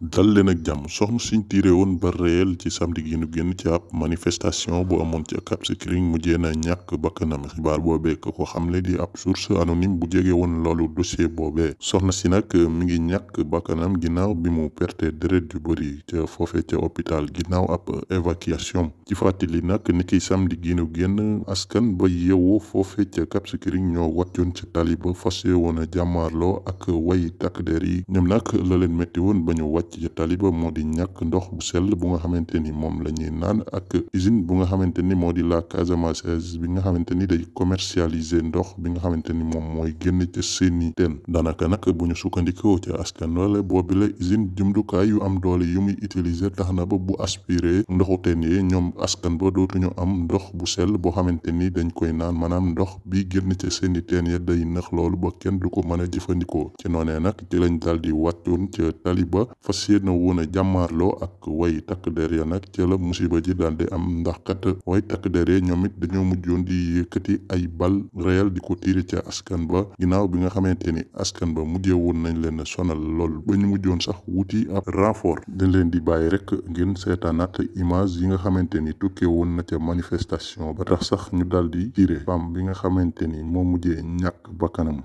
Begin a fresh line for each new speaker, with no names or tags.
dal leen ak jàmm soxna siñ tiré woon ba réel ci samedi gi ñu génn ci ab manifestation bu amoon ci Cap Skirring mujjee na ñàkk bakkanam xibaar boobee ko ko xamle di ab source anonyme bu jege woon loolu dossier boobee soxna si nag euh, mu ngi ñàkk bakkanam ginnaaw bi mu perte deret yu bëri ca foofe ca hôpital ginnaaw ab euh, évacuation ci fàttali nag ni ki samedi gi ñu génn askan ba yeewoo foofe ca Cap Skirring ñoo wàccoon ci tali ba fase woon a jàmmaarloo ak way takk der yi ñoom nag la leen métti woon ba ñu wàcc ci jotaali ba moo di ñàkk ndox bu sell bu nga xamante ni moom la ñuy naan ak usine bu nga xamante ni moo di la Casamance bi nga xamante ni day commercialiser ndox bi nga xamante ni moom mooy génn ca seeni teen daanaka nag bu ñu sukkandikoo ca askan wala boobu la usine jumtukaay yu am doole yu muy utiliser tax na ba bu aspiré ndoxu teen yee ñoom askan ba dootuñu am ndox bu sell boo xamante ni dañ koy naan maanaam ndox bi génn ca seeni teen ya day nax loolu ba kenn du ko mën a jëfandikoo ci noonee nag ci lañ daal di wàccoon ca taliba fas fas yéene woon a jàmmaarloo ak way takk der ya nag ca la musiba ji daal di am ndaxkat kat way takk der ya ñoom it dañoo mujjoon di yëkkati ay bal réel di ko tiire ca askan ba ginnaaw bi nga xamante ni askan ba mujjee woon nañ leen sonal lool ba ñu mujjoon sax wuti ab renfort dañ leen di bàyyi rek ngeen seetaanaat image yi nga xamante ni tukkee woon na ca manifestation ba tax sax ñu dal di tiire femme bi nga xamante ni moo mujje ñàkk bakkanam